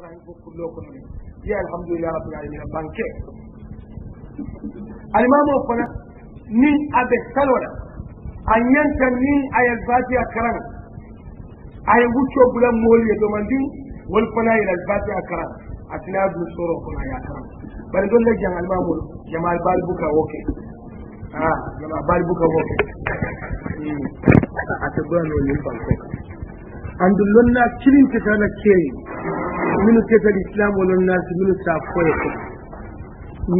sara ko kullo ni ya alhamdulillah rabbil alamin banke alimamu fana ni abe salona anyanta ni ayal fatiha ay wucco bulan moliye do mandin wal fana ila al fatiha atina bu soro kuna ya karan bare don le jang alimamu jamal bal buka woke ah jamal bal buka woke hmm. ata gano ni banko andulonna kilin ta na ke minnu tɛ l'islam walonnasi minnu t'a sa foye fɔ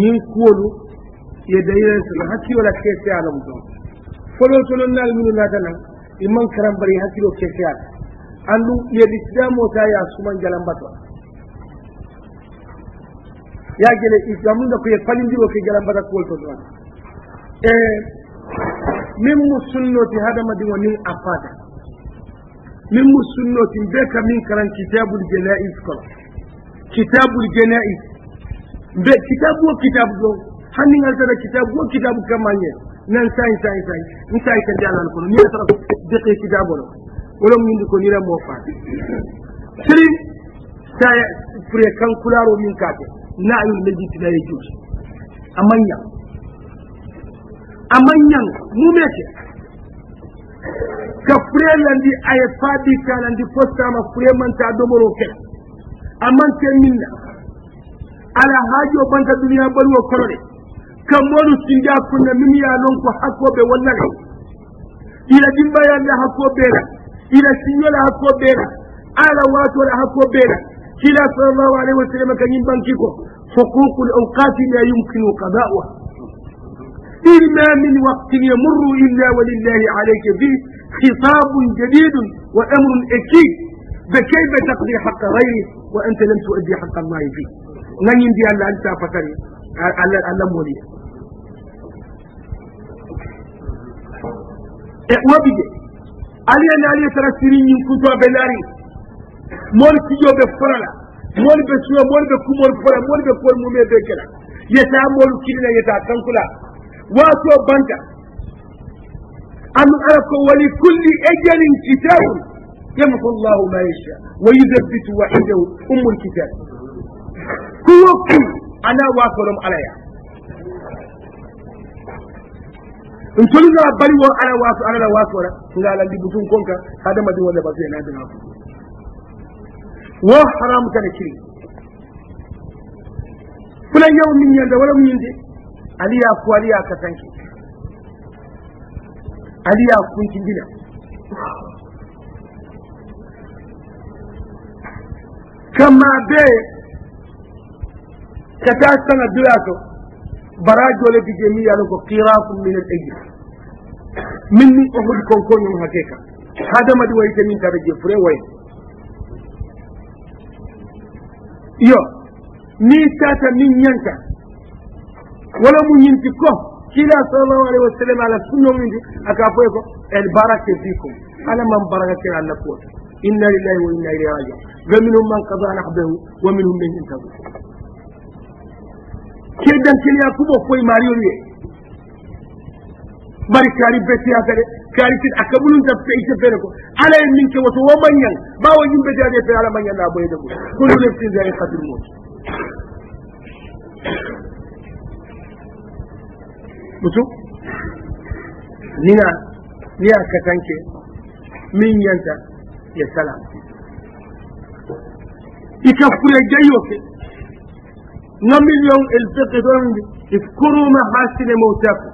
ñin kuwolu ye dayɛlɛ sɔrɔ hakkilo la kɛ se a la muso fɔlɔ nata na i man karan bari hakkilo kɛ se a la andu ye l'islam o ta y'a suman jalanbato y'a gɛlɛ islamu ko ye falindiro kɛ jalanbata kuwol to dɔrɔn eh, min mu sunno ti hadamadenw ni a fata min sunnotin be ka min karan kitabul janaiz kono kitabul janaiz be kitabu o kitabu kitabu o kitabu kammañe nan sayi sayi sayi n sayi kadi alal kono ni tara deqi kitabu ɗo wolon windi ko nira ka fure furelandi aye faabi kalandi fostama furemanta domoro kela amante minna ala haajo banta duniya baluwo kono de kan molu sindi a kunna min ya lon ko hakkoɓe wallale ila dimbayande hakko beena ila siñola hakko beena ala watoɗa hakko beena kila sallallahu alayhi wa sallam kañum banki ko huququl awqati la yumkinu qada'uha ما من وقت يمر إلا ولله عليك فيه خطاب جديد وأمر أكيد فكيف تقضي حق غيره وأنت لم تؤدي حق الله فيه لن نعم، يمدي ألا أنت فكري ألا ولي وبدي علي أن علي ترى سيرين ينكتوا بناري مول كيو بفرلا مول بسوى مول بكو مول فرلا مول بكو المومي بكلا يتا مول كيلا يتا واتو بندا أن أعرف ولكل أجل كتاب يمحو الله ما يشاء ويثبت وحده أم الكتاب هو كل أنا وافرم عليها in tolu na bari wa ana wasu ana na wasu wala nga lan di butun konka hada madin wala ba sai na dina wa haram kana kiri kulan yau min yanda wala min yanda aliyafu aliyakatanki aliyafu nkindina kama bee ka taa saŋa doyato barajo le bi je min ye a lon ko kiraku min al ejir min ni ohud konko ñoŋ hake kan hadamadi wayite min tara je fure waye yo ni tata min ñanta wala muñinti ko kila sallallahu alaihi wasallam ala sunno mindi aka foy ko el baraka fikum ala man baraka kira alla ko inna lillahi wa inna ilayhi raji'un wa minhum man qada nahbahu wa minhum man yantazir keddan kiliya kubo foy mariyo ye bari kaari betiya kare kari tit a ta fe ite ko alaye min ke wato wa manyan ba wajin betiya de ala manyan na boye de ko kullu nafsin za'iqatul maut mutum nina niya ka tanke min yanta ya sala ika kure jayo na million elfeke don iskuru ma hasine mautaku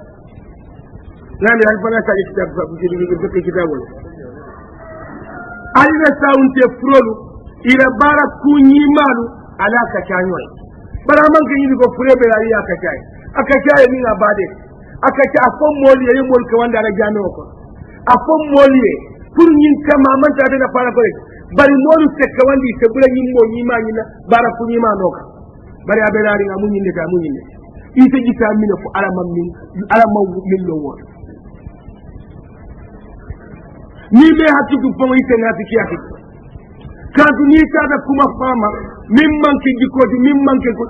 nami alfana sa kitab sa kitabu kitabu alina saunte furolu ira bara kuñimalu ala ka bara man kan ko fure be ali aka kai aka kai min abade aka ci a fo moolu ye yo moolu ke wanda ala o ko a fo moolu ye pour ñin kama manta bena fala ko rek bari moolu se ke wandi se bula ñin moo ñima ñina bara fu ñima noo ka bari a benaari nga mu ñinde ta mu ñinde ite jita mine fo ala mam min ala maw min lo woor ni be hakkitu fo ite ngaati ki hakkitu kantu ni tata kuma fama min manque jikkoji min manque ko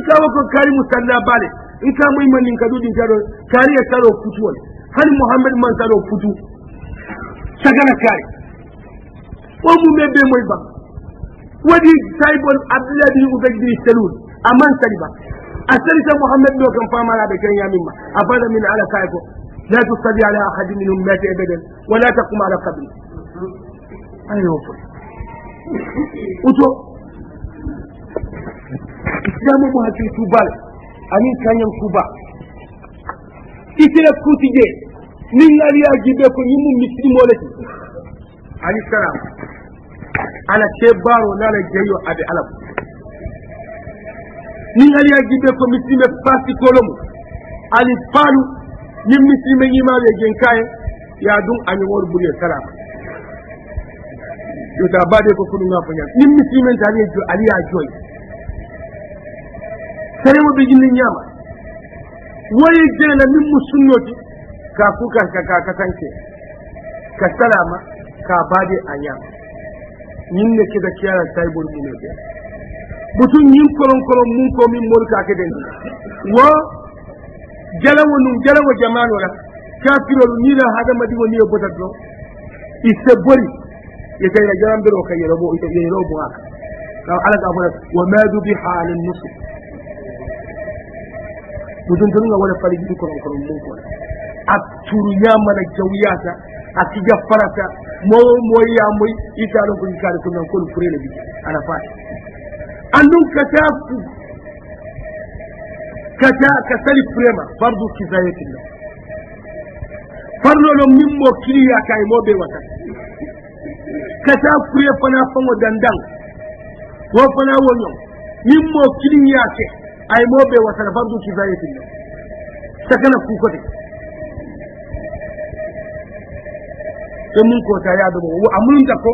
ikawa ko karimu salla bale i ka mo iman nin kadu din taro kari ya taro futu wal hal muhammad man taro futu sagana kari o mu me be moy ba wadi saibon abdullah bin ubayd bin salul aman saliba أسرت محمد لو كان فاهم على بكين يا مما أفاد من على كايكو لا تصلي على أحد منهم مات أبدا ولا تقوم على قبره أين هو وتو إسلام ما هتشوف بالك ani kañan kuba isila kuti je ni ngaliya jibe ko yimu misimole ti ani salam ala ke baro nana jeyo abe alam ni ngaliya jibe ko misime pasi kolomu ali palu ni misime yimale jenkaye ya dun ani wor buriye salam yo ta bade ko kunu ngapo nyam ni misime tani jo ali ya joyi tariima ɓe jinni ñaama woyi deena min mo sunnooji ka fukaka ka tanke ka salama ka baade a ñaama ñinne keda keala tayboni ɗumede ɓotun ñin kolon kolon mum ko min mori ka kedeni wo jalawo num jalawo jamano la kafirolu nira hadamadigo nio botat ɗo i se bori e tawira jaramberoo ka yeroboo yeroboaka aw alaga afona wa madubiha alal nusuk gudundunga wala falijiri kono kono mun kono a turuyamana jawiyata a cikin farata mo mo ita italon ko ikare ko nan kolu furele bi ana fata andun kata kata kasali prema fardu kifayatillah farlo lo mimmo kiliya kay mo be wata kata fure fana fana dandan wo fana wonyo mimmo kiliya ay moɓe wasana fardu ku ko kukote so mun kota yaɗomo wo amunta ko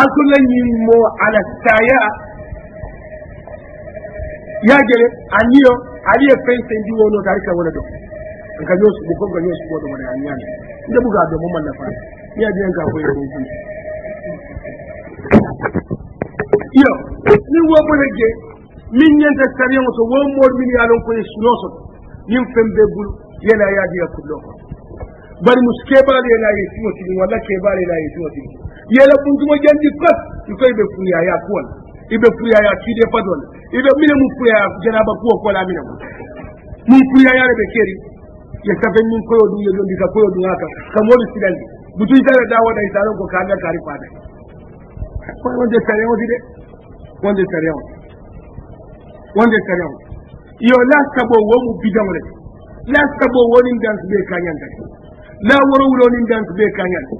alkulla ñimmo ala saya yajele aniyo aliye fen sendi wono tarika wona ɗo nka ñoo suɓo ko nka ñoo suɓo ɗo wona a ñaami nde buga ɗo momman nafaa mi adi en ka koye konkuy iyo min wo bone je Min yen dek sèrye anso, wè mòd mi ni alon kwenye sunon sot, ni mfèmbe boul, ye la ya diye koulon. Bari mous kepa li la ye sinon, si mi wad la kepa li la ye sinon, ye la poum kwenye gen di fòs, yikò yi be fù ya ya koun, yi be fù ya ya chide fòs, yi be moun fù ya ya gen abakou akoun aminanman. Moun fù ya ya lebe kèri, yèk sa fè moun kòlou doun, yèk sa fòlou doun akam, kam wòl di silen di. Boutou yi tanè da wòd, yi tanè wonde kariyaw yo lastabo womu bidamre ni wonin dance ɓe da la woro wulonin dance ɓe kañante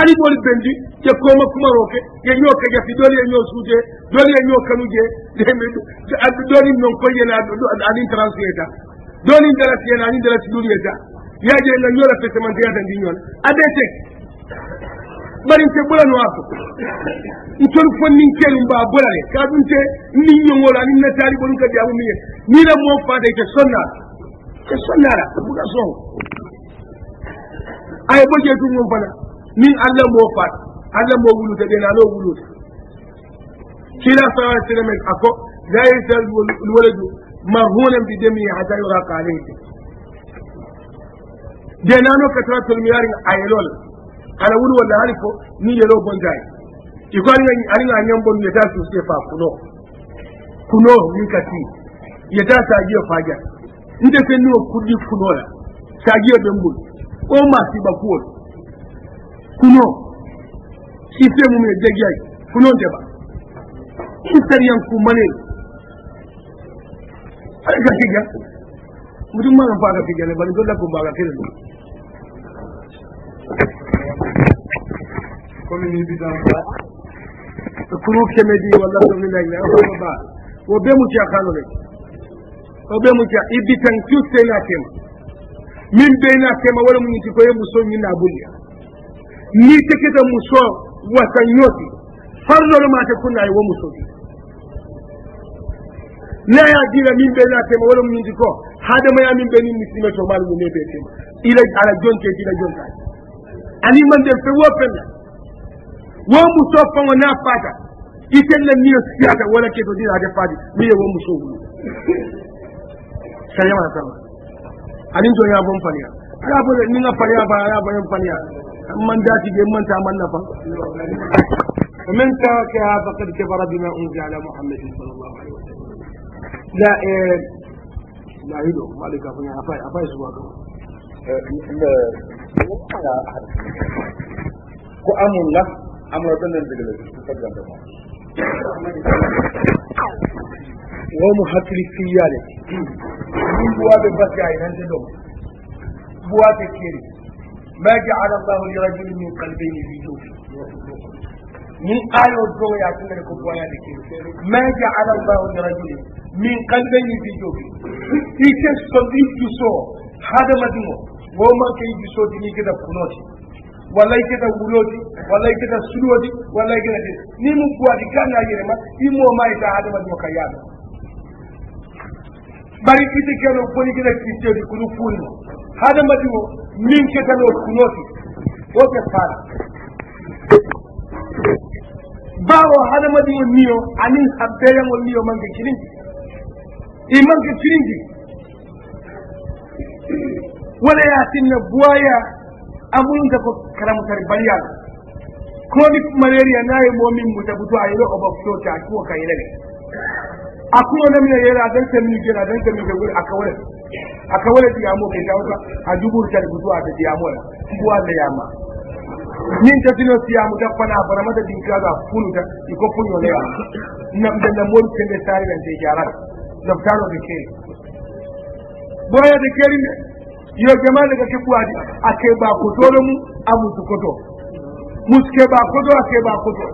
ari ɓol bendi ƴe koma kumaroke ye ñoo kajati ɗoli e ñoo suuje ɗoli e ñoo kanuje ɗolin noon koyena aɗin transfiyeta ɗolin dalati yena ni dalati ɗuliyeta yaje la ñola fesemanteyata ndi ñoon aɓe tek bari nte bola no afu ntol fonni nkelu mba bola le kadu nte ni nyongola ni natali bonu kadi amu miye ni la mo fata ite sonna ke sonna la buka so ay boje tu mo fana min allah mo fata allah mo wulu te dena no wulu kila sa wa sele men ako la yasal walad marhunan bi dami hatta yura qalihi denano katratul miyari ayelol ala wuri walla hali ko ni yelo bondayi i ko aliŋa ñam bonu yeta susue fa kuno kuno min ka ti yeta sajiyo fajar nte fenniwo kuddi kuno la sajiyo ɓen bulu o ma siba kuwol kuno systéme mum e degiyayi kuno ndeɓa sariyan kummaneni ala ka fija mutum magan fa ka fijane bani golla ko mbaga kelen ɗum commune yi bidon ba kuru keme ɗi walla ɗomni legle oɗo ba wo be mucci a kano rek o ɓe mucci a ibbi tan cuttena tema min ɓeyna tema wala muñiti koye muso ñinna bulla ni teketa muso wasa ñooti farnolo mate kunnayi wo musoɗi naya dila min ɓeyna tema wala muñiti ko haadamaya min ɓeni muslime to maɗo mum e ɓe tema ila ala jonte dila jontaji aliman del fe wo fenna wo muso fango na fata itella miyo siyata wala ke di dina ade fadi mi e wo wu sa yama sama alin to ya bon faniya ala bo ni nga faniya ba ala bo en faniya man ti ge man ta man na fa ومن تركها فقد كفر بما انزل على محمد صلى الله عليه وسلم لا لا يدو مالك افاي افاي ko amul la am na beneen dëgg la ci fagante ma mu fi bu bu ما جعل الله لرجل من قلبين في جوفه من آية الدنيا يعتمد لكم بوايا ما جعل الله لرجل من قلبين في جوفه في كيس صديق يسوع هذا مدمون woma kay jisoti ni kita kunoti wala ikita wuloti wala ikita suloti wala ikita de ni mu buati kana yerema mo mai ta hada wadi wakayana bari kiti kero poni kita di kunu kunu hada di wo min kita no kunoti ke fara bawo hada madi wo niyo anin habbeya mo niyo mangi kiringi imangi kiringi wala yasinna buwaya amulunta ko baliya ko ni malaria naye momin mutabutu ayelo oba ta akuwa kayelele akuno namina yela adan jira dan ta semini gure akawale akawale amo ke a ajubur ta butu ti amo la buwa le yama min ti amo da fana fana mata dinkaga ta iko funyo le yama namda namol kende sari nan te jarat naftaro de ke boya de kere yo jamani kakikuwaji akeba mu a musu koto ba koto a ke ba koto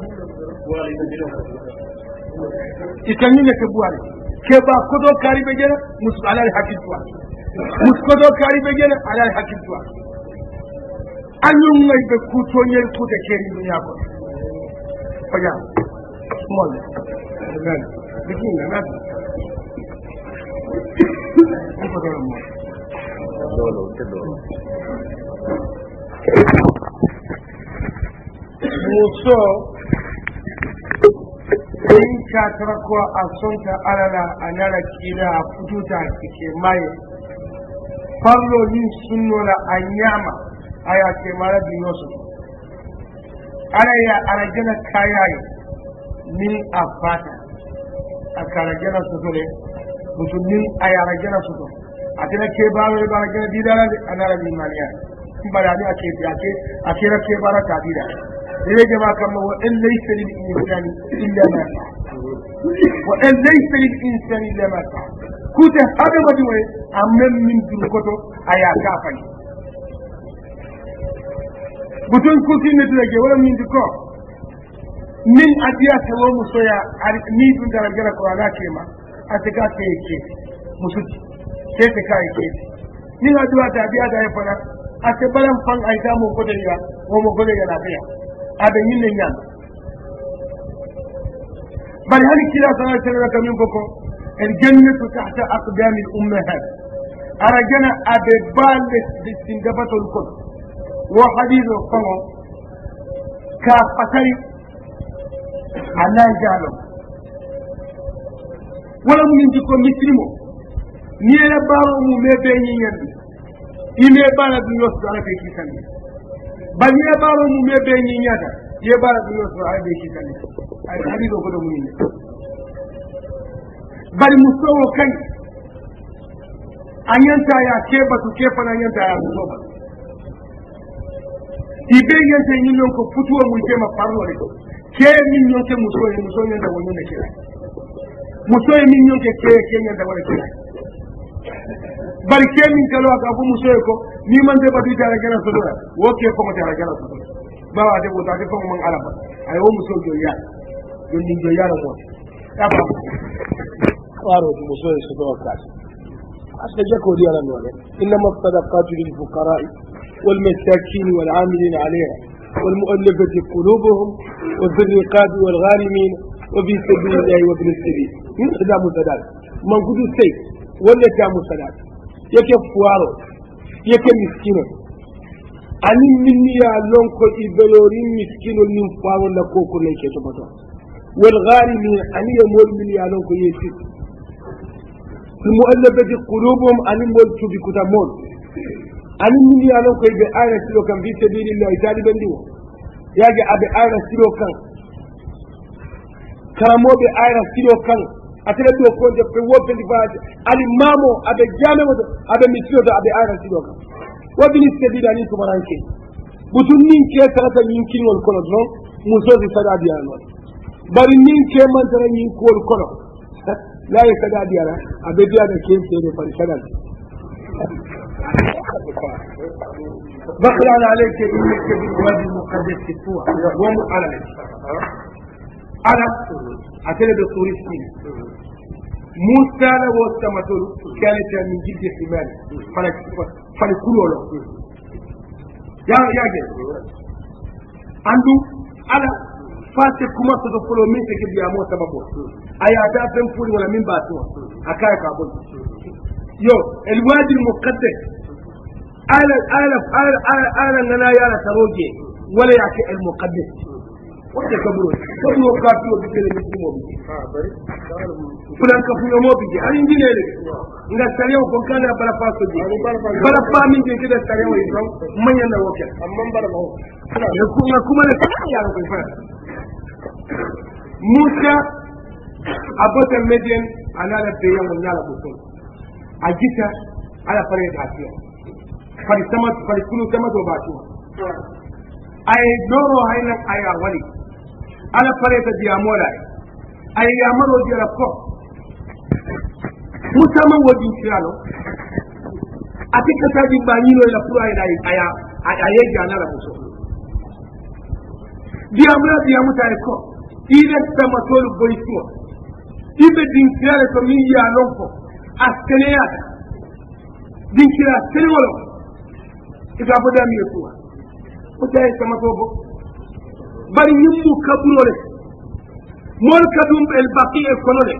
ne ke ke ba koto karibe jena musu alali hakiltwa musukoto karibe jena alali hakiltwa anyungai be kutonyel kute kerimu yako fanya small Thank you. dolo te dolo muso in catara ko a sonta la a nara kila a fututa a kike maye farlolin sunnola a ñaama a ya ke mara duniyosu ala ya arajana kayaye min a fata a karajana soto ne mutum min a arajana soto atereke baara ye baara kɛ dida la dɛ a nana ni maliya bari a a kɛ a kɛra kɛ baara k'a dira ma wa e laysa lil insani ma sa wa e ma sa k'u tɛ hadamaden a mɛn kese kai kese ni ga duwa da biya da ya fara a ce baran fan ai da mu gode ya ko mu gode ya lafiya a da yin nan yan bal hal kila sana sana ka min boko al jannatu tahta aqdam al ummahat arajana abe bal de singabatul kun wa hadithu qama ka fatari anan jalo wala mun ji ko mislimo niere baaro mum me beeñi ñanndu ime baara du yosdu arabe kiitanni ba niere baaro mum me beeñi ñaata ye baara du yosdu arabe kiitanni hadis o kodo mumine bari mu sowo kañ a ñantaya kebatu kefana ñantaya ko sobatu i beeñante ñin noon ko futuwo mum fema parlore ke min ñonke mu soye mu soñanta wo ñonde kerani mu soye min ñonke ke keñanta wara kerani bari ke min kalo aka fu muso ko ni man de batu tara gana sutura wo ke ko mo tara gana sutura ba wa de wo ta ke ko man ala ba ay wo muso jo ya jo ni jo ya mo ta ba waro muso e sutura ka asla je ko diala no ne inna masadaqatu lil fuqara'i والمساكين والعاملين عليها والمؤلفة قلوبهم وفي الرقاب والغارمين وفي سبيل الله وابن السبيل من خدام ثلاث من قدس سيد wanda ya mu salat yake fuwaro yake miskinu an minni ya lonko ibelorin miskinu nin fuwaro la koko na yake to mato wal gari ni ani ya mol minni ya lonko yesu fil mu'allaba bi qulubihim ani mol tu bi kutamon ani minni ya lonko ibe ara silo kan bi sabilillahi taliban diwa yage abe ara silo kan karamobe ara silo kan atele ɗo konde ɓe wobbeli faade alimamo aɓe jame woto aɓe misiroto aɓe arantiɗo kam wo ministre ɗiɗa nin tumaranke ɓutun nin ke tarata ñinkiŋol kono noon musosi saɗa diya noon bari nin ke mantara ñinkuwol kono laye saɗa diyara aɓe diyaɗa ken seede fari saɗal بخلا wadi انك بالوادي المقدس سوى ومؤلم arab atele ɓe souristin musa la wo samatolu kaleta min jildi himani fala kulolo yage andu ala fate kuma soto folo min teke biyamo sababu aya da fen fuli wala min batuwa akaya ka bon yo elwadi mukaddes ala ala ala ala ala nana yala saroje wala yake المقدس wacce kaburo kaburo ka tuwo bije ne bije mo bije fulan ka fuyo mo bije an injine ne nga sariyaw ko kana bala pa so je bala fa min je kida sariyaw yi don manya na wake amman bala ma ya kuma kuma ne ya ko fa musa abota medien anala beyan wala ko so ajita ala pare da tiyo fari sama fari kulu sama do ba tiyo ay doro hayna aya wali ala pareta diyamoɗaɗe aye yamaroji ala ko musama wodi sirano ati kataji bañinoyla pour ayna aya a yejanala muso diyamra diyamutaye ko ile tamatolu boy suwa iɓe dinkirale to min yalon ko a seneyata dinkira senewolo iga bodamiye e suwa o taye tamato bo bari yimmu mu kaburo le mool ka dum el baqi e kono le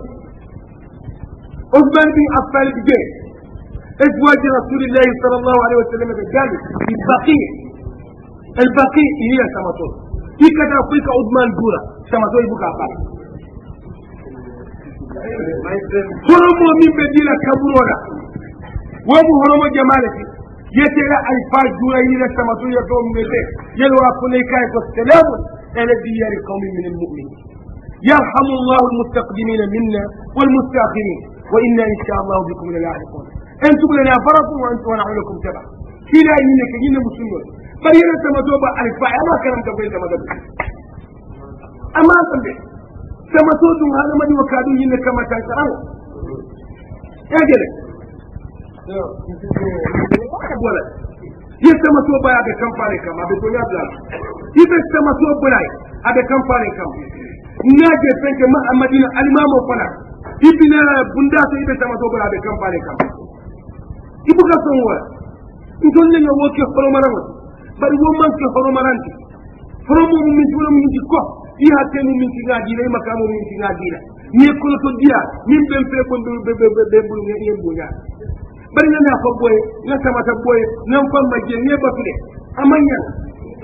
ousmane bin affan bi jee ezwaji rasulillahi sal allahu alayhi wa sallam ɓe baqi el baqi iyiya samato ikkata koy ka ousmane duura samato i buka ɓar horomo min ɓe ndila kaburoɗa womu horomo jamaleti yetera ay fa juurayire samato yeto mete yelowa poney kaye ko selamoni على ديار قوم من المؤمنين يرحم الله المستقدمين منا والمستاخرين وإنا إن شاء الله بكم للاحقون أنتم لنا فرط وأنتم ونحن لكم تبع كلا إنك جن مسلمون بل ينا تمتوبة أما ما كان تقول تمتوبة أما تنبه تمتوبة هذا من وكادوا إنك كما تشاءون يا Io stiamo a tuo bai a decampare a betonia blanca. Io stiamo a tuo bai a ma a Madina fana. Ibina bundata ibe stiamo a tuo bai a decampare son wa. Ntol ne yo woke horomaran. Bari wo ma ke horomaran ti. Horomo mun min tulo mun ko. I hatte ni min ti ngadi le Ni ben ko be be barina na fa boye na kamata boye nan fa majje ne bakle amanya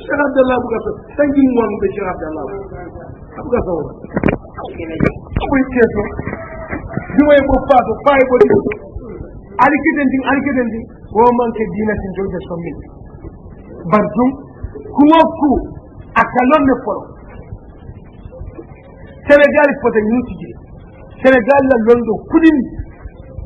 Cheikh Abdallah buga so tangi ngom be Cheikh Abdallah buga so koy teso jumay ko faato fay ko di ali kidendin ali kidendin wo manke dina tin jolde so min barjum kuma ku akalon ne foro Sénégal fote ñun tigi Sénégal la londo kudini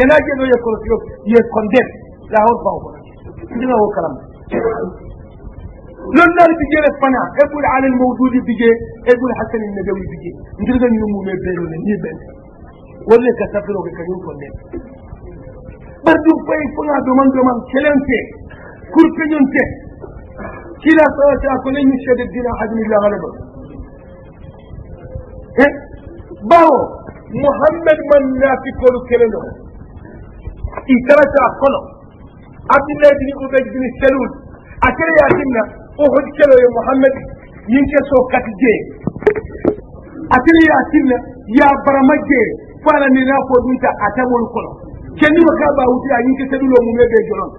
يناجي لو يكون يكوندم لا هو فاوبا دينا هو كلام لون نار بيجي رفنا ابول على الموجود بيجي ابول حسن النجوي بيجي ندير غن يومو مبلون نيبل ولا كسفلو كان يكوندم برضو فاي فنا دومان دومان كلامتي كل كنيونتي كلا صلاة أكون إن الدين أحد من الله غلبه إيه؟ باو محمد من نافي كل كلمه I ikaracho akono abdullahi ubej bini selul akere yatinna uhud keloye muhammad yinke so kati jee akere yatinna ya barama jee fala ni na ko dunta atabol kono kenni waka ba wuti a yinke sedulo mume be jonon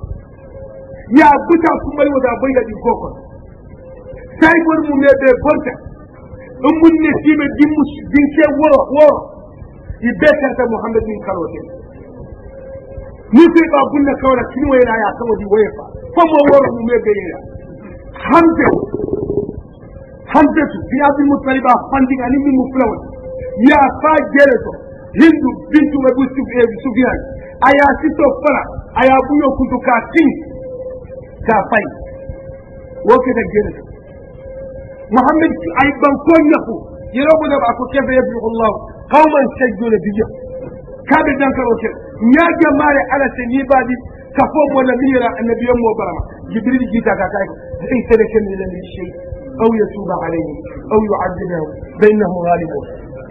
ya buta kumbali wata boyda din kokon sai gor mume be gorta in mun ne sibe din mus din ke woro woro ibeta ta muhammad bin kalotin nisiba bunna kawra kini wayna ya tawdi wayfa famo woru mu megeya hande hande su bi abi mutaliba handi ani mu muflawa ya fa to hindu bintu mabu sufyan e, aya to fara aya buyo kuntu ka tin ka fai woke da jeleto muhammad ay ban ko yafu yero bu da ba ko kebe yabi allah qauman sajjuna biya kabe dan karo kebe ya jamare ala se ni badi ka fo mo la mira annabi mo barama jibril ji ta ka kai sai sai ke min ni shay aw yatuba alayhi aw yu'adibahu bainahu ghalibun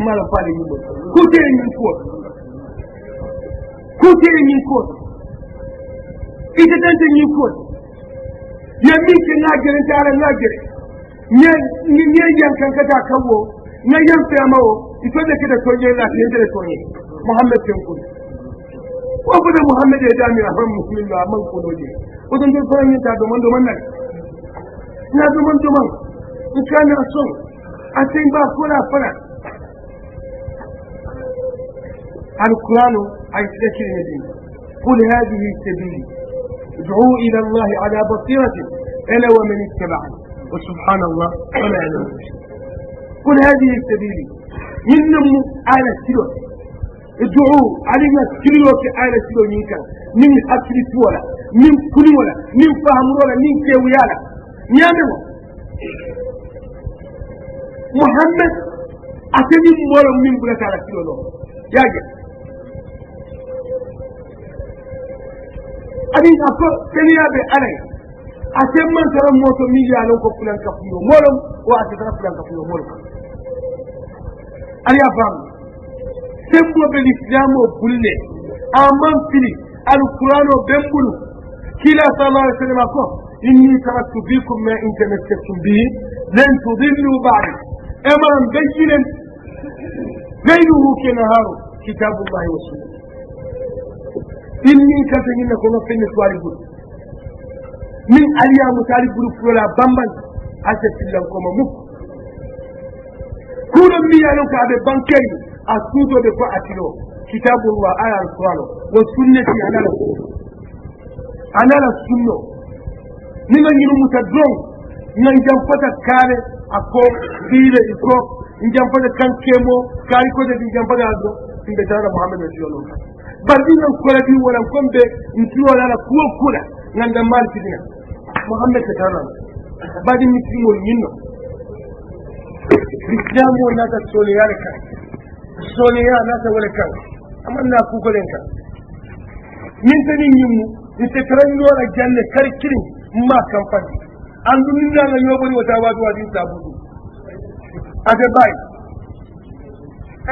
ma la fali ni bon ko te ni ko ko te ni ko ita tan te ni ko ya min ke na gere tare na gere ne ne yankan ka ta kawo na yan fiyamawo ito da ke da tonye lafiyan da tonye muhammad tinkuri وقد محمد يدامي أفهم مسلم الله من قد وجه وقد تفهم من تعدو من دومن نك نعدو من دومن وكان أصول أتين با فلا فلا القرآن أي تشير مدين قل هذه سبيلي ادعوا إلى الله على بصيرة ألا ومن اتبعني وسبحان الله وما أنا قل هذه سبيلي من على السلوة ادعوا علينا كلنا في آلة سلونيكا من حسر ولا من كل ولا من فهم ولا من كويالا نعمل محمد أتني مولا من بلاد على سلونا يا جد أدين أفر كنيا بألي أتم من ترى موت ميجا لنكو فلان كفيو مولم وأتترى فلان كفيو مولم أليا فهمت semboɓe l'islam o bulle en manfini alquran o bembulu kila salah ai sallam ako inni taraktu bikum ma intamassaktum bihi len tudillu badi eman beyinen leyluhu ke naharu kitabullahi wa sunna inni kan tañinna ko nofenne towari ɓuri min aliyamu taari ɓuri pulola bambal hasa sillankoma mukko kuɗon miyanon ka aɓe bankeyno a suudode fo a kitabullah ala al qur'ano wo sunnati anala anala sunno ni nga ñinu muta dron nga jam kaale a ko fiile i ko jamfata fata kan kemo kaari ko de njam fata do imbe tara muhammad wa jono bar di nan kola di wala kombe ntiyo la kuwa kula nganda mal kidina muhammad ta tara badi mitimo nyinno Islamu nata sole yale kaki سونيا لا تقول لك أما أقول لك من تنين يمو يتكرن نورا جنة كاركرين ما كان فاني عندو نينا لنوبري وتاواد وادين تابودو أجل باي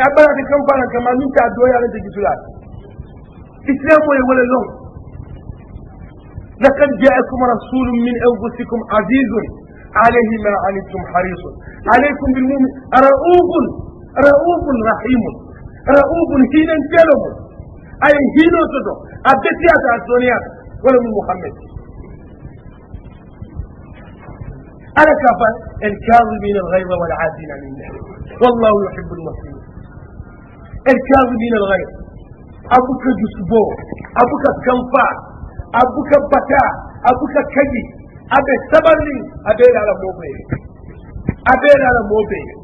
أبدا كم فانا كما نتا دويا لنتجي سلاك إسلام ويولا لون لقد جاءكم رسول من أنفسكم عزيز عليه ما عنتم حريص عليكم بالمؤمن رؤوف رؤوف رحيم رؤوف هين كلمه أي هينو تدو أبتيات الدنيا ولا من محمد على كفا الكاظمين الغيظ والعادين عن النار والله يحب المسلمين الكاظمين الغيظ أبوك جسبو أبوك كنفا أبوك بكا أبوك كجي أبي سبرني أبي على موبي أبي على موبي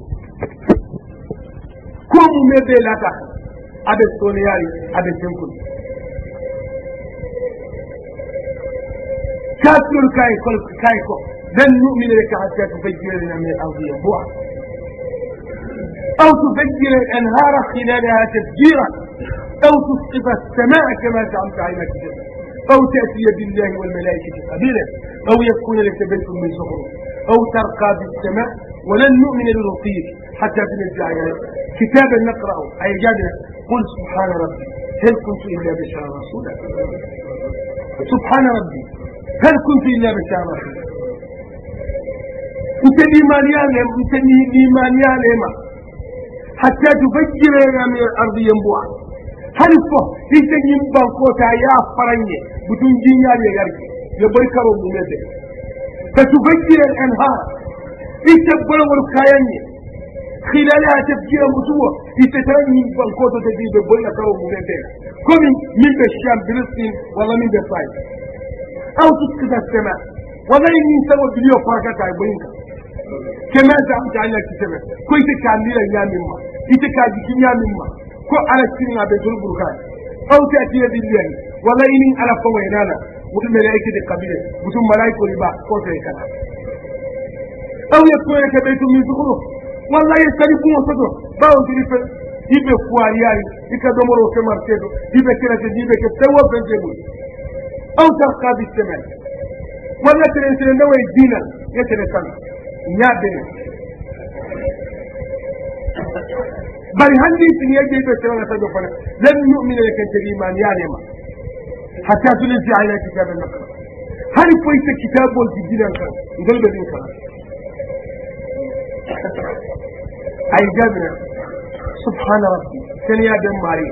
ko mume be lata aɓe soniyari aɓe tenkol kafirol كايكو لن نؤمن لك حتى numina laka hatta tufajjira أو تفجر الأنهار خلالها تفجيرا أو تسقط السماء كما زعمت على الجنة أو تأتي بالله والملائكة قبيلا أو يكون لك بيت من زخرف أو ترقى بالسماء ولن نؤمن لرقيك حتى تنزع عليك كتابا نقرأه أي أيجادنا قل سبحان ربي هل كنت إلا بشر رسولا سبحان ربي هل كنت إلا بشر رسولا انت لي مليان انت لي ماليان مليان حتى تفجر من الأرض ينبوع هل فه في لي بانكوتا يا فرنجي بدون جنيال يا غرقي يبرك ربنا فتفجر الأنهار في بلور كايني خلال هتفجير مسوة يتترمي بانكوتة تجيب بولا كرو مبتين كومي من بالشام بلسطين ولا من بالصعيد أو تسكت السماء ولا يمين سوى بليو فرقات عبوينك كما زعمت على كتابة كويت كان ليلة يامي ما يتكاد يامي ما كو على السنين عبد البركان أو تأتي بالليل ولا يمين على فوينانا mutum malaiki da kabila mutum malaiko riba ko sai kana aw yakuna ka baytu min zukhruf walla yestani kuŋo soto bawo tiri fe i be fuwariyari i ka domoro fe marché do i be kerate i be ke fen wo fen tebul aw tarka bi semaine walla teren teren ndawo ye diina ye tene sana ña bene bari hanni sin ye jeyto serana sadio fana lan yumina ye kente liman yanema hatta tulisi ala kitabe nakala hari foyte kitabol jiddinan kan ngel ɓe ɗin kala أي جبر سبحان ربي كان يا جمالي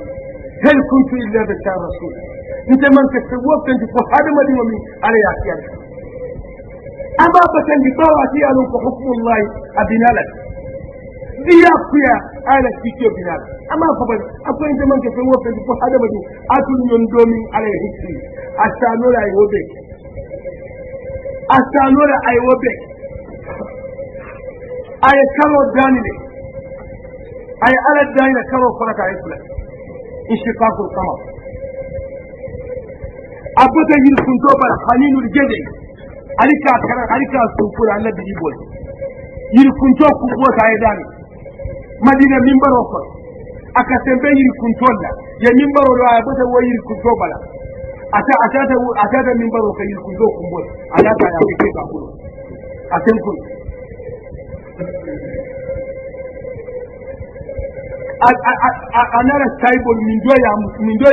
هل كنت إلا بشار رسول أنت من تسوق كنت هذا ما دي على يا أما بكن بطاعتي أنا فحكم الله أبنا لك دي يا أنا كيكيو بنا لك أما فبن أقول أنت من تسوق كنت هذا ما دي أتون يندومي على يهيكي أستانولا يوبك أستانولا أيوبك a ye kalo daani a ala daani la fana k'a ye filɛ inshikaku kama a bɛ kɛ yirikuntɔ bala ani ali k'a kɛra ali k'a sun fo bi i boli yirikuntɔ kun daani madina min b'a dɔ kɔrɔ a ka tɛnpɛ yirikuntɔ la ye min b'a dɔ a bala ata ka a anara taibol min doya min da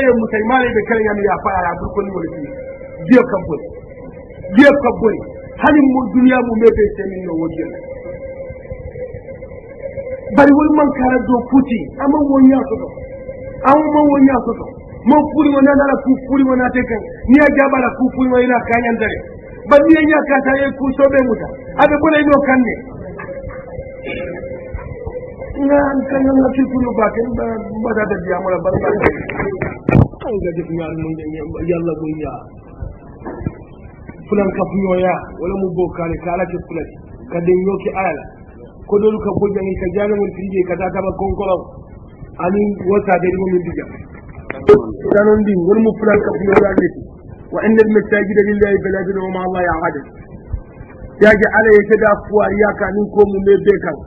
kare be ya fara a ko ni wolati diyo kabol diyo kabol hali mu duniya mu bai semin no wajen bari wani man kara do puti ama wonya so do a man wani ya do man furi wani dara ku furi wona te kan ni ya jabala ku furi kanyan dare, bari ni ya ka ta ye ku so be muta abe bole no ne. ina an kan nan ce kullu ba kan ba za ta biya mana barka an ga duk ya mun da yalla goyya fulan ka fuyoya wala mu boka ne kala ke fulan ka din yoki ayala ko dole ka goje ni ka jana mun tinje ka ta ba konkoro ani wata da mun bija sanon din wani mu fulan ka fuyoya ne wa inna al-masajida lillahi fala tad'u ma Allah ya ahad ya ji ala ya tada fuwariya kanin ko mun ne be kan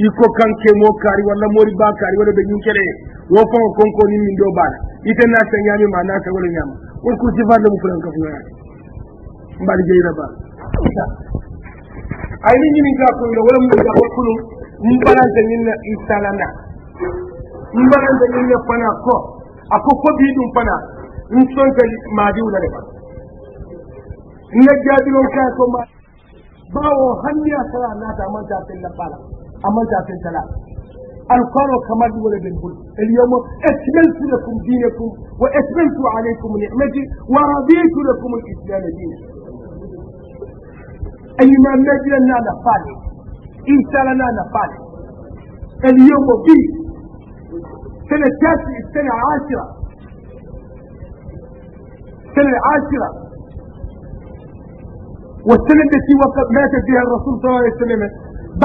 iko kanke mo kari wala mori ba kari wala be nyinkere wo ko konko ni min do bana ite na sa nyami ma na sa wala nyama won ko ci fadde bu fulan ka fulan mbali jey raba ay ni ni ka ko wala mo ka ko kulu mu balance ni na isalana mu balance ni na pana ko ako ko bi dum pana in son ka ma di wala ba na jadi lo ka ko ma bawo hanya sala na ta manta tin la bala أما جاسين سلا القرى كما دولة بن بل اليوم أكملت لكم دينكم وأكملت عليكم نعمتي ورضيت لكم الإسلام دين أي ما مجل نانا فالي إنسان نانا فالي اليوم في سنة تاسع السنة عاشرة السنة العاشرة والسنة التي وقت مات فيها الرسول صلى الله عليه وسلم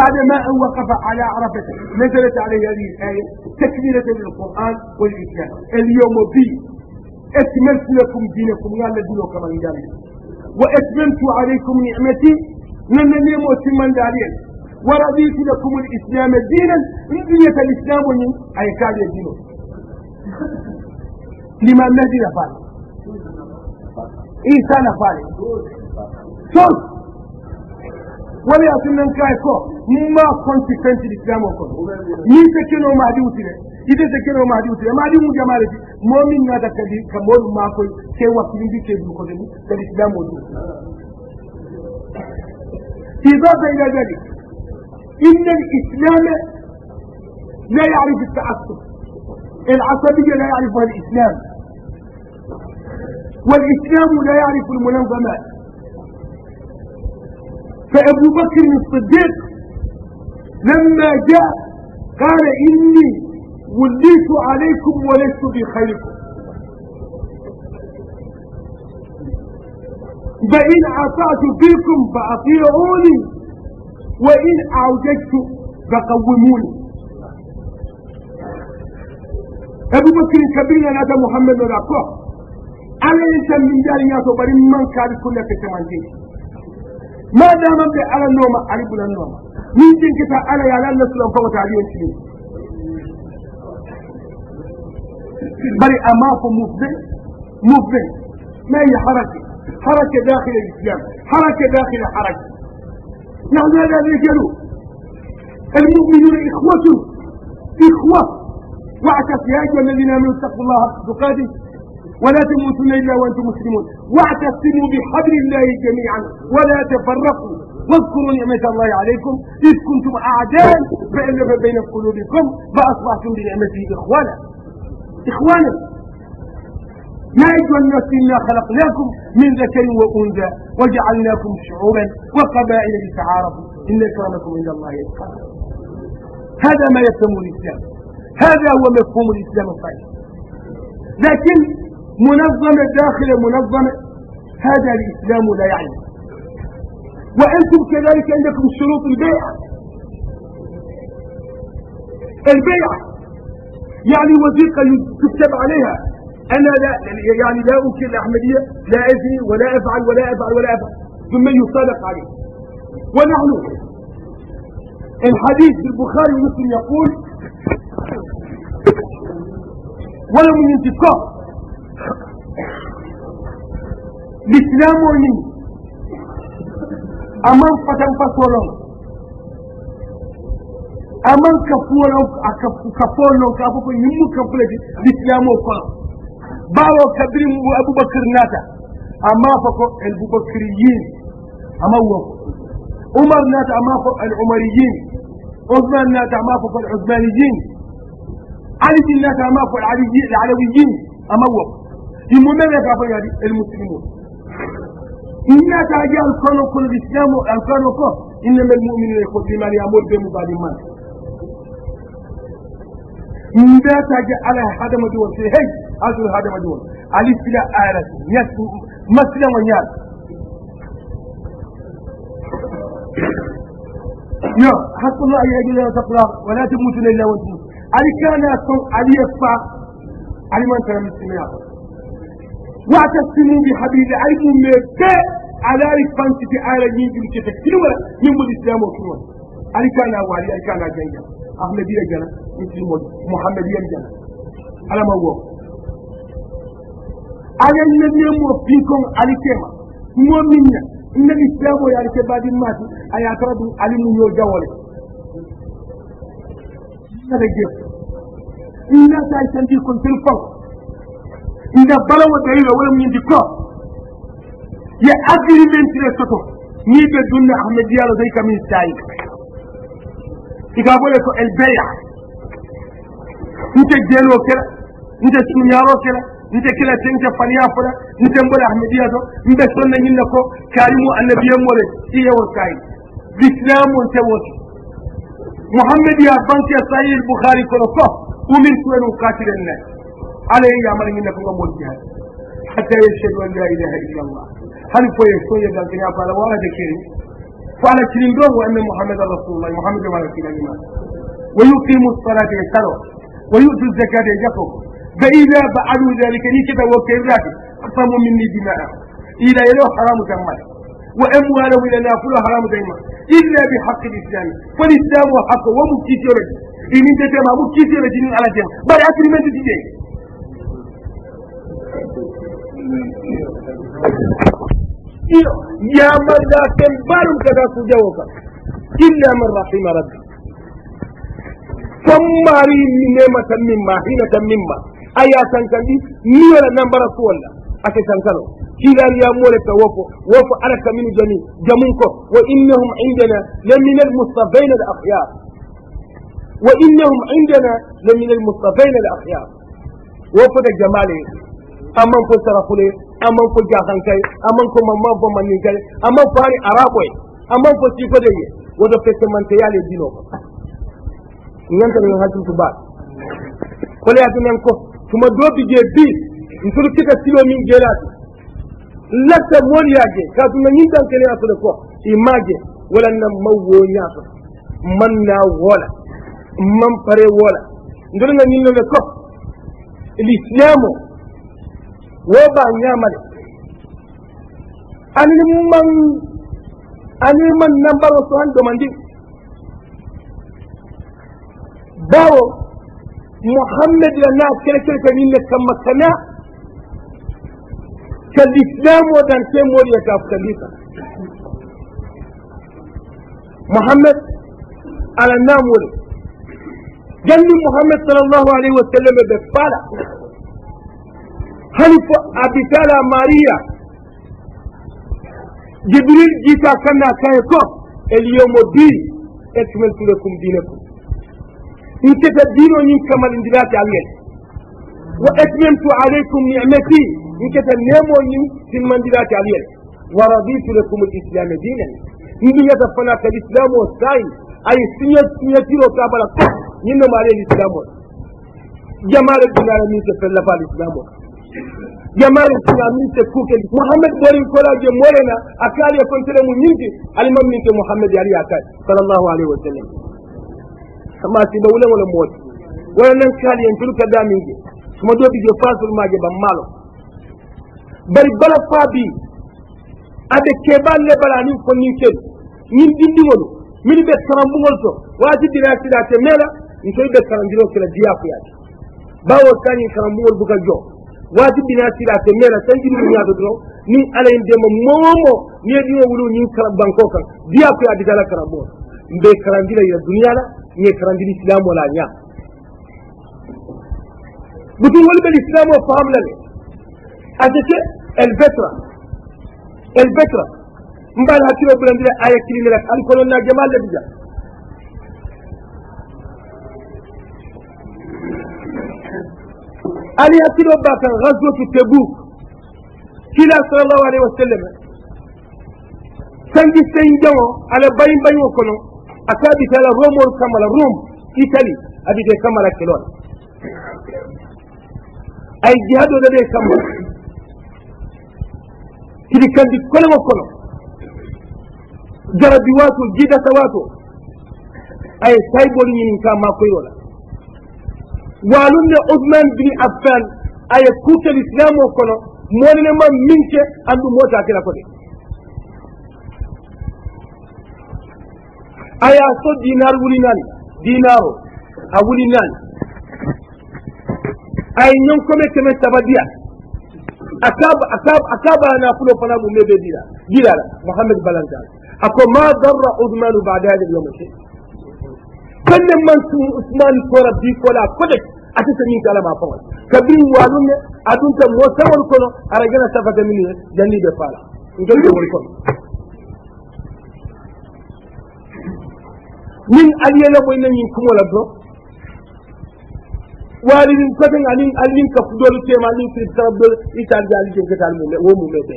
بعدما أن وقف على عرفة نزلت عليه هذه الآية تكملة للقرآن والإسلام اليوم بي أكملت لكم دينكم يا الذين كما وأتممت عليكم نعمتي ننني موسما دارين ورضيت لكم الإسلام دينا من دنيا الإسلام أي كان يدينه لما الذي نفعل إيسان نفعل صوت wala ya tunan kai ko mun ma kwanci kanci da kiyamon ko ni ta kino ma di utire ide ta kino ma di utire ma di mu jama'a di mu'min na da kadi kamar ma ko ke wakilin bi ke du ko ni da kiyamon du إذا إلى ذلك إن الإسلام لا يعرف التعصب العصبية لا يعرفها الإسلام والإسلام لا يعرف المنظمات فأبو بكر الصديق لما جاء قال إني وليت عليكم ولست بخيركم فإن عصعت فيكم فأطيعوني وإن أعوججت فقوموني أبو بكر كبير هذا محمد ولا كوه أنا ليس من دار يا بل من كاري كلك تمانجيش ما دام على النوم على النوم من جنك على يا لالا سلام فوت عليه الشيء بري أماف مفضل مفضل ما هي حركة حركة داخل الإسلام حركة داخل حركة نحن هذا رجال المؤمنون إخوة إخوة واعتف يا أيها الذين آمنوا اتقوا الله حق تقاته ولا تموتن إلا وأنتم مسلمون واعتصموا بحبل الله جميعا ولا تفرقوا واذكروا نعمة الله عليكم إذ كنتم أعداء فألف بين قلوبكم فأصبحتم بنعمته إخوانا إخوانا يا أيها الناس إنا خلقناكم من ذكر وأنثى وجعلناكم شعوبا وقبائل لتعارفوا إن أكرمكم عند الله يتقاكم هذا ما يفهم الإسلام هذا هو مفهوم الإسلام الصحيح لكن منظمة داخل منظمة هذا الإسلام لا يعني وأنتم كذلك عندكم شروط البيع البيع يعني وثيقة يكتب عليها أنا لا يعني لا أكل الأحمدية لا أزني ولا أفعل ولا أفعل ولا أفعل ثم يصادق عليه ونحن الحديث في البخاري ومسلم يقول ولو من انتقاص الاسلام ني امان فتن فصولو امان كفولو كفولو كفولو يمو كفولو الاسلام وقا باو كبير ابو بكر ناتا اما فكو ابو بكريين اما عمر ناتا اما فكو العمريين عثمان ناتا اما فكو العثمانيين علي ناتا اما فكو العلويين اما وقا المؤمن يقابل يعني المسلمون إنا تاجي الكون كل الإسلام الكون كل إنما المؤمنون يقول لمن يأمر بمبادئ nda ta ji ala hada maduwan sai hei azul hada maduwan ali fila ayrat yas maslan wa yar yo hakku la ayi gila taqla wa la tamutu illa wa antum ali kana kun ali yafa ali man tara muslimiya watasimu bihabili ay ɗumme be alari fansiti ara ñijiru cete kilwala min moni islam o kilwala ali kana waali ali kana janga ahmadiya jana muslimol mouhammadiyan jana alama wo alen nabiye mo finkon ali kema mo minna nabi islam o yaali ke badin maati aya tara ɗum ali muño jawole kada jef inna sa santir kon tel إذا بلوا دعيبا ولم يندقوا يا أجل من ترسطوا نيجا جنة أحمد يالو ذيك من سايك إذا بلتوا البيع نيجا جنو كلا نيجا سنيارو كلا نيجا كلا تنجا فنيافنا نيجا مبلا أحمد يالو نيجا سنة ينكو كاريمو النبي مولي سيئة وسايك بسلام وانتوكي محمد يا بنتي سعيد البخاري كنصه ومن سوى نقاتل الناس عليه يعمل من نكون موجها حتى يشهد أن لا إله إلا الله هل فوي فوي ذلك يا فعل ولا ذكري كريم تريدون وأن محمد رسول الله محمد رسول الله ويقيم الصلاة يسلوا ويؤتي الزكاة يجفوا فإذا فعلوا ذلك نكتب ذلك قسموا مني دماءهم إلى يلو حرام جمال وأموالهم إلى نافل حرام جمال إلا بحق الإسلام فالإسلام هو حق ومكتسر إن انت تمام مكتسر على جمال بل أكل من تجيه iyo yaamadaaken baalum kadaa kujawoka illa man rahima rabbi sommari minema tan mimma hina tan mimma aya sankandi miyola nambara suwolla ake sankalo kilan ya mole ta wofo wofo ala kaminu jani jamun ko wa innahum indana lamin almustafina alakhyar wa innahum indana lamin almustafina alakhyar wofo da jamale an ko fo sarakule an ko fo kai ye ko mamma fo man kai fo ko ari fo hali arabo ye an man fo siko de ye o dɔ fɛ cɛmanteya le dino ŋan tɛmɛ ŋa hakili tuba kɔlɛ y'a tɛmɛ kɔ tuma do bi je bi nsoro kɛ ka silo min jɛla lasa mɔli y'a k'a tun ka ɲin tan kɛnɛ y'a sɔrɔ fɔ i wala na ma wo y'a man na wɔ man pare wɔ la na ka ɲin lɔ bɛ وبان يامل المن المن نمبر وسوان دومندي باو محمد لنا كيف كان ينك كم مكنا كالإسلام ودان تيموري يكاف كالإسلام محمد على النام ولي جنب محمد صلى الله عليه وسلم بفالة halifa abitala maria jibril jita kanna kaye ko eliyomo di ekmentude kum dinakum nketa diino ñin kamalindiraake allah wa etmemtu alaykum nicmati nketa nemo ñin timmandiraake allah wa raditu lakum lislame dinan ndiñata fana l'islam o saayi ay signature o kaabala ko ñinnomaale l'islam o jamare dinara min ke fellafa l'islam o jamare silaminte kukel muhammad kola kolaje morena a kaali mu nyinti alimam ninte alimaminte muhammad ari yakay sallllahu alayhi wa sallam ma siba wulengole mooti wala nan kaali en tolu suma somo ɗoɓi je fasul maje ba malo. bari bala faabi aɓe keban le bala anin fonnin kelu ñin ɗinɗiŋolu min ɓe karambugol to waati dina siɗate meela ntoyi ɓe karandiro kela diyakuyaade bawo ngol bu ka jo wajibi na sila te na tan jini nya do do ni ala inde mo momo ni di o wulu ni kala banko kan dia ko adi dala karabo mbe karandila ya dunya la ni karandili islam wala nya butun wal bel islam wa faham la adete el betra el betra mbal hakiro bulandira aya kilimela alkolon na jamal la bija aliachiliwa baka ghazwatu tebuk kila salallahu alehi wasallam sanji sen jaŋo ala bayin bayiŋo kono a ka bita ala romol kama rom itali a bite kama la kelo la a ye kidi da be kama kandi koleŋo kono garabi waato jidata waato a ye sayibolu ñinin ka makoyo la وعلم عثمان بن عفان اي كوت الاسلام وكنا مولنا ما منك ان موتا كده كده اي اصد دينار ولي نان دينار اولي نان اي نيوم كومي كمي تبديا اكاب اكاب اكاب انا افلو فنام مبي دينا دينا محمد بلانجان اكو ما ضر عثمان بعد هذا اليوم الشيء كل من سمو عثمان كورا بيكولا كدك atata min kalama fawal ka bin walum ne adum ta mo sawol kono ara gena safaka min ne janni be fala ngel do wol kono min aliyele boy nan min kumola do wali min kote ngani alin ka fudol tema min fi tabdol ital dal je ngata mum wo mum be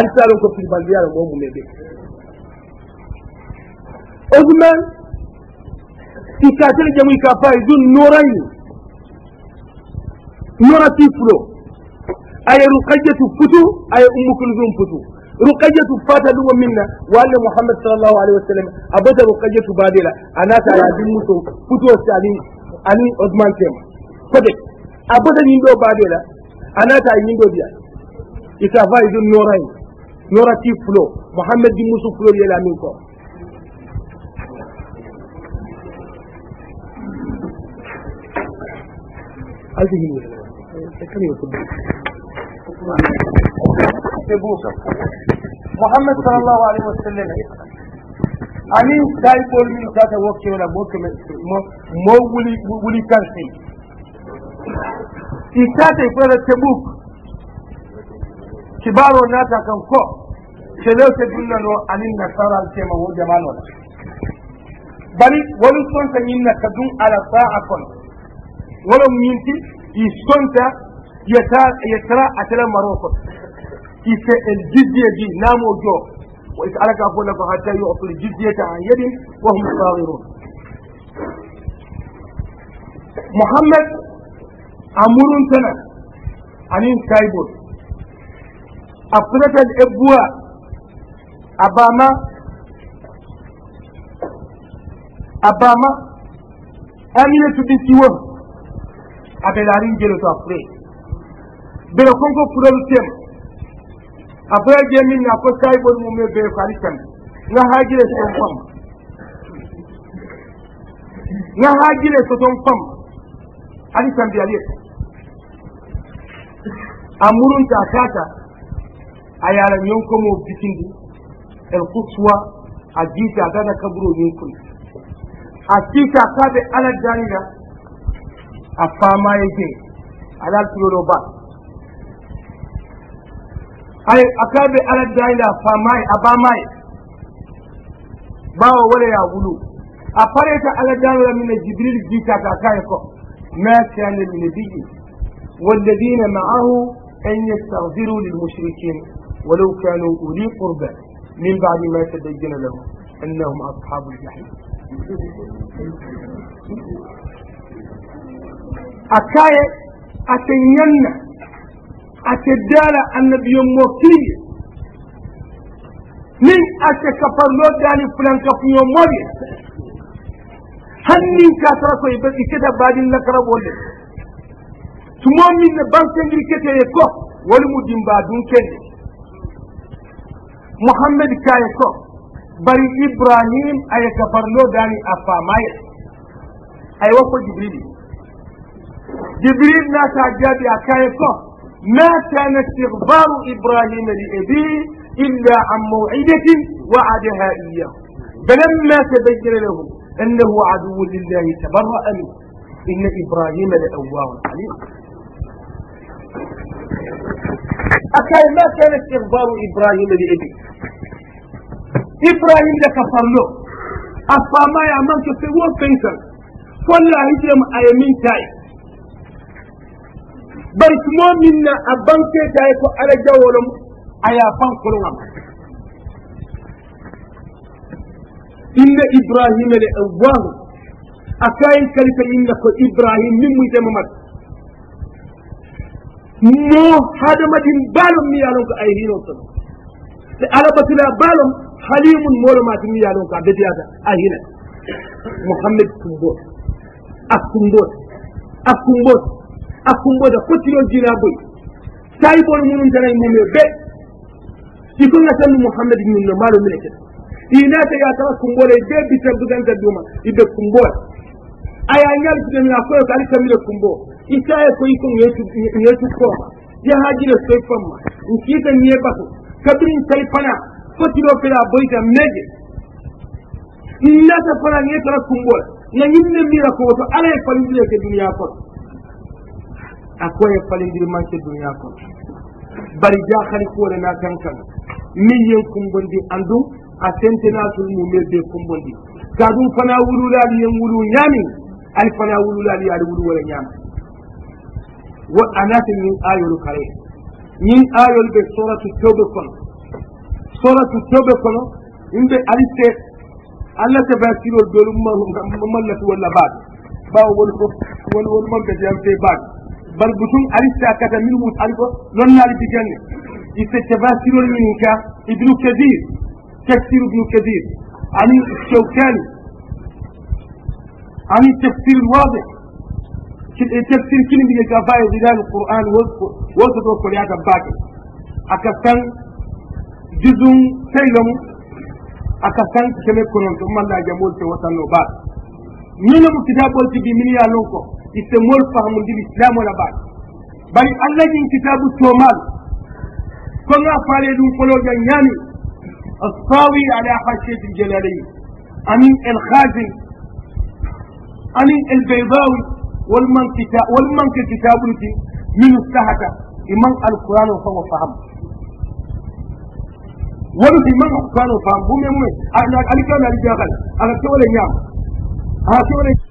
al salon ko fi bal biya wo mum be ogman si kaatele jamuy ka fayi dun norayni نورتي فلو أي رقية فتو أي أم كلثوم فتو رقية فاتا لو منا وأن محمد صلى الله عليه وسلم أبدا رقية بادلة أنا تعالى بموتو فتو سالي أني عثمان تيما فدك أبدا نيندو بادلة أنا تعالى نيندو بيا إذا فايد النورين نورتي فلو محمد دي موسو فلو يلا منكم هل تجيبوا muhammad sallallahu alaihi wasallam anin tay bol min tata wokke wala bokke mo mo wuli wuli kansi i tata fara tebuk kibaro nata kan ko chelewte dunnano ani nasaral altema wo jamanola bari wolu sonta ñinna ka dun ala saa kon wala ñinti a isonta yetara atele maroko ife el jizye di namo jo wa is'alaka afu lakum hatta yu'tul ta an yadin wa hum saghirun muhammad amurun tana anin saibot afratan ebuwa abama abama amiyatu bisiwa abelarin jelo to afure bere kongo kurolu tem afoya je min na ko sai bon mume be ko ali tem nga hajire so ton pam nga hajire so ton pam ali tem bi ali amurun ta kata ayala nyonko mo bitindi el quswa ajita dana kaburo nyinkun akika kabe ala dalila a fama yake alal tulo ay akabe alal daila fama a ba mai bawo wala ya wulu a fareta alal daila min jibril jika ta kai ko ma kana min nabi والذين معه أن يستغفروا للمشركين ولو كانوا أولي قربى من بعد ما تبين لهم أنهم أصحاب الجحيم A a a akaye ate ñanna ate daala annabiyo mo kiye nin ate kaparlo daali fulankafuño moƴe hannin ka tara koye ɓe ikketa baadin lakara ɓolle tumo min ne bankendiri ya ko woli mu dimba dun kende muhammed kaye ko bari ibrahim a kafar kaparlo daani a faamaye aye wakko jibrili جبريل لا تعجب يا كيفه ما كان استغفار إبراهيم لأبيه إلا عن موعدة وعدها إياه فلما تبين له أنه عدو لله تبرأ منه إن إبراهيم لأواه عليم أكاي ما كان استغفار إبراهيم لأبيه إبراهيم لكفر له أفما يا من كسوه فيسر فلا هجم أيمين تايم bari tumo min na a banke taye ko ala jawolom aya fankolongam inna ibrahima le awwahu a kayin inna ko ibrahim min muytema mat mo hadamadin balom mi yalon ay hino sono te ala batula balom halimun molomati mi yalon ko a bedeyata a hina mouhammad kumboot ak kumboot ak kumboot a akumboda fotiro jilaboy tayibol munum tanay mume be ikonga tandu muhammad nun no maalo mine keta inata ya tara kumbola ibe bitar duganta duma ibe kumbola aya nyal kuden na koyo kali kamile kumbo isaye ko iko ngetu ngetu ko ya hajire sai famma nkita niye bato kabrin sai fana fotiro fela boyta meje inata fana ngetu kumbola na nyimne mira ko to ala e falindile ke duniya ko akoye girman manke duniya ko bari jakhali da na kankan min yen kumbondi andu a sentenatul mumel be kumbondi kadum fana wululali yen wulu nyami al fana wululali ali wulu wala yami wa anatin min ayul kare min ayul be suratu tawbe kon suratu tawbe kon inde ali te allah te basirol dolum ma mallatu wala ba ba wani ko won won mabbe jam te baade bal butum alista akata min wut alko lonnaali diganne iste tafasirol min ka ibnu kadir tafsir ibnu kadir ani shawkani ani tafsir lwadik e tafsir kini mbiye ka faye dilal qur'an wosoto kolyata baake aka san juzum seylomu aka san keme to malla jamol te watanno baake minamu kitabolti bi min ya lon ko فهم دي الاسلام ولا بعد بل الله جن كتاب التومال كما قال لهم قلوا جنياني الصاوي على حاشية الجلالي أمين الخازن أمين البيضاوي والمن كتاب والمن كتاب من السهدة إمام القرآن وفهم فهم wani في kwano fa bu me mu ala alika na rijagal ala tole nyam ala tole